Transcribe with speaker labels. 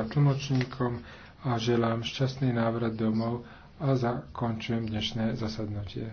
Speaker 1: a tlmočníkom a želám šťastný návrat domov a zakončujem dnešné zasadnutie.